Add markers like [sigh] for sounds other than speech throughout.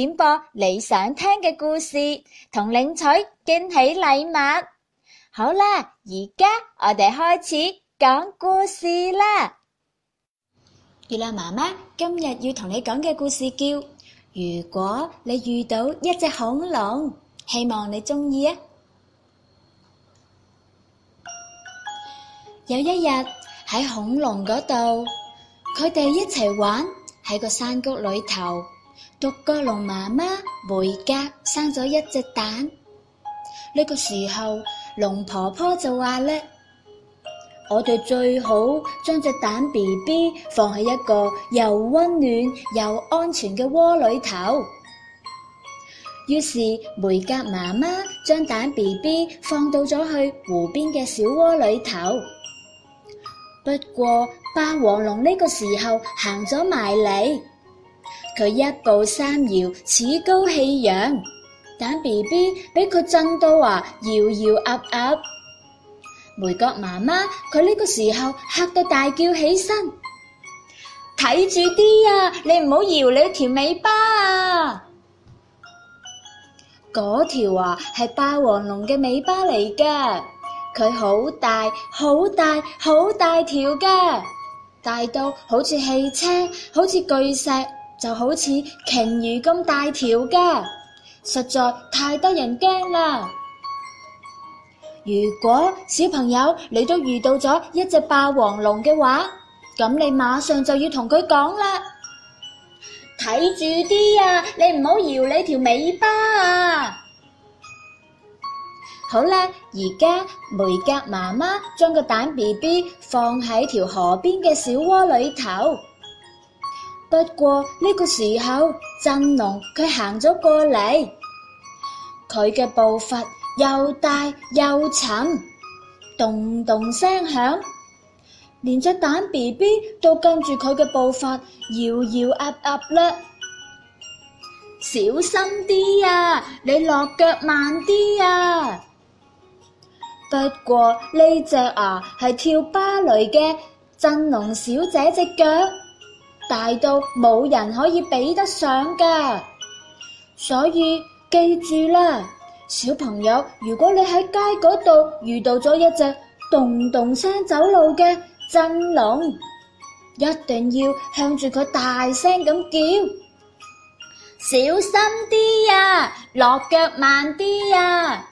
點播你想聽嘅故事，同領取驚喜禮物。好啦，而家我哋開始講故事啦。月亮媽媽今日要同你講嘅故事叫《如果你遇到一隻恐龍》，希望你鍾意啊！有一日喺恐龍嗰度，佢哋一齊玩喺個山谷裏頭。獨角龍媽媽梅格生咗一隻蛋，呢個時候龍婆婆就話咧：我哋最好將隻蛋 B B 放喺一個又溫暖又安全嘅窩裏頭。於是梅格媽媽將蛋 B B 放到咗去湖邊嘅小窩裏頭。不過霸王龍呢個時候行咗埋嚟。佢一步三搖，趾高氣揚，但 B B 俾佢震到話搖搖鴨鴨。梅格媽媽佢呢個時候嚇到大叫起身，睇住啲啊，你唔好搖你條尾巴啊！嗰條啊係霸王龍嘅尾巴嚟嘅，佢好大好大好大條嘅，大到好似汽車，好似巨石。就好似鯨魚咁大條噶，實在太得人驚啦！如果小朋友你都遇到咗一隻霸王龍嘅話，咁你馬上就要同佢講啦，睇住啲啊，你唔好搖你條尾巴啊！好啦，而家梅格媽媽將個蛋 BB 放喺條河邊嘅小窩裏頭。不過呢、呢個時候，震龍佢行咗過嚟，佢嘅步伐又大又沉，咚咚聲響，連隻蛋 B B 都跟住佢嘅步伐搖搖壓壓啦。小心啲啊，你落腳慢啲啊。不過呢隻、這個、啊係跳芭蕾嘅震龍小姐隻腳。大到冇人可以比得上㗎，所以記住啦，小朋友，如果你喺街嗰度遇到咗一隻動動聲走路嘅真龍，一定要向住佢大聲咁叫， [noise] 小心啲呀、啊，落腳慢啲呀、啊。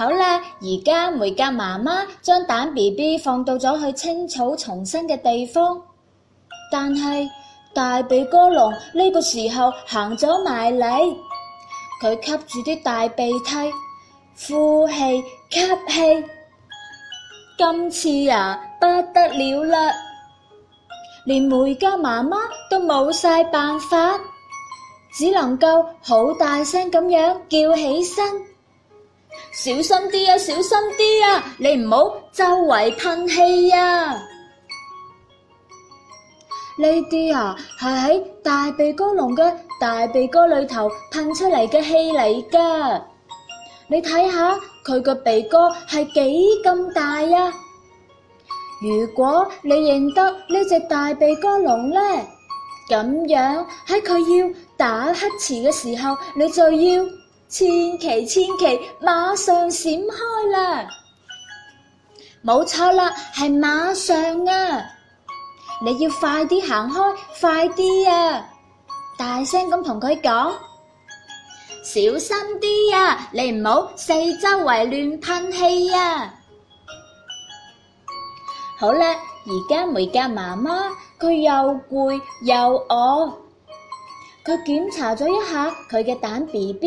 好啦，而家梅家媽媽將蛋 B B 放到咗去青草叢生嘅地方，但係大鼻哥龍呢個時候行咗埋嚟，佢吸住啲大鼻涕，呼氣吸氣，今次呀、啊、不得了啦，連梅家媽媽都冇晒辦法，只能夠好大聲咁樣叫起身。小心啲啊！小心啲啊！你唔好周圍噴氣啊！呢啲啊係喺大鼻哥龍嘅大鼻哥裏頭噴出嚟嘅氣嚟㗎。你睇下佢個鼻哥係幾咁大啊！如果你認得呢隻大鼻哥龍咧，咁樣喺佢要打乞嗤嘅時候，你就要。千祈千祈，馬上閃開啦！冇錯啦，係馬上啊！你要快啲行開，快啲啊！大聲咁同佢講，小心啲啊！你唔好四周圍亂噴氣啊！好啦，而家梅家媽媽佢又攰又餓，佢檢查咗一下佢嘅蛋 BB。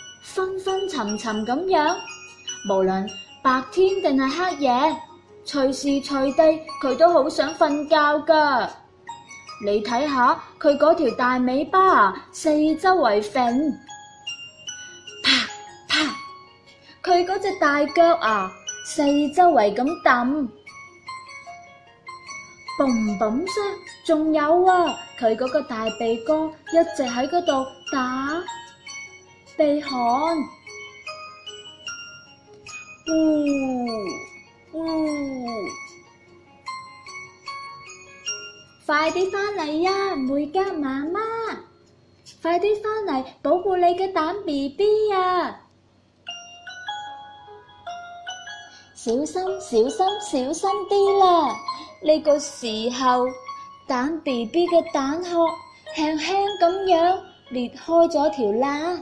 昏昏沉沉咁樣，無論白天定係黑夜，隨時隨地佢都好想瞓覺噶。你睇下佢嗰條大尾巴四周圍揈，啪啪！佢嗰隻大腳啊，四周圍咁揼，嘣嘣聲。仲有啊，佢嗰個大鼻哥一直喺嗰度打。鼻鼾，嗚嗚，快啲返嚟呀，回家媽媽，快啲返嚟保護你嘅蛋 B B 呀！小心，小心，小心啲啦！呢個時候，蛋 B B 嘅蛋殼輕輕咁樣裂開咗條罅。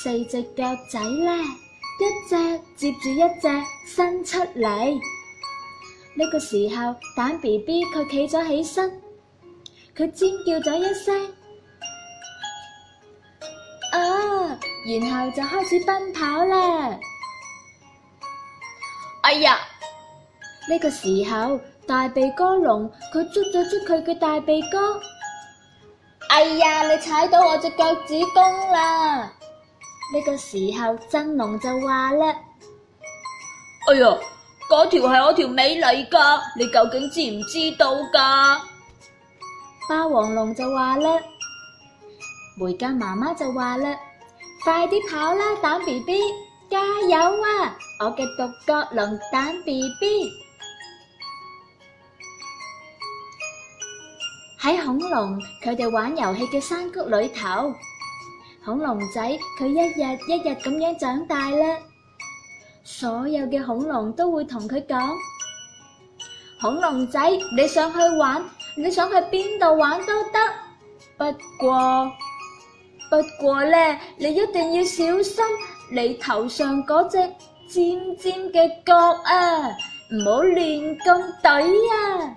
四隻腳仔咧，一隻接住一隻伸出嚟。呢個時候，蛋 B B 佢企咗起身，佢尖叫咗一聲，啊！然後就開始奔跑啦。哎呀！呢個時候，大鼻哥龍佢捉咗捉佢嘅大鼻哥。哎呀！你踩到我隻腳趾公啦！呢個時候，真龍就話啦：哎喲，嗰條係我條尾嚟噶，你究竟知唔知道噶？霸王龍就話啦，梅根媽媽就話啦，快啲跑啦，蛋 B B，加油啊，我嘅獨角龍蛋 B B。喺恐龍佢哋玩遊戲嘅山谷裏頭。恐龍仔，佢一日一日咁樣長大啦。所有嘅恐龍都會同佢講：恐龍仔，你想去玩，你想去邊度玩都得。不過，不過咧，你一定要小心，你頭上嗰隻尖尖嘅角啊，唔好亂咁㨃啊！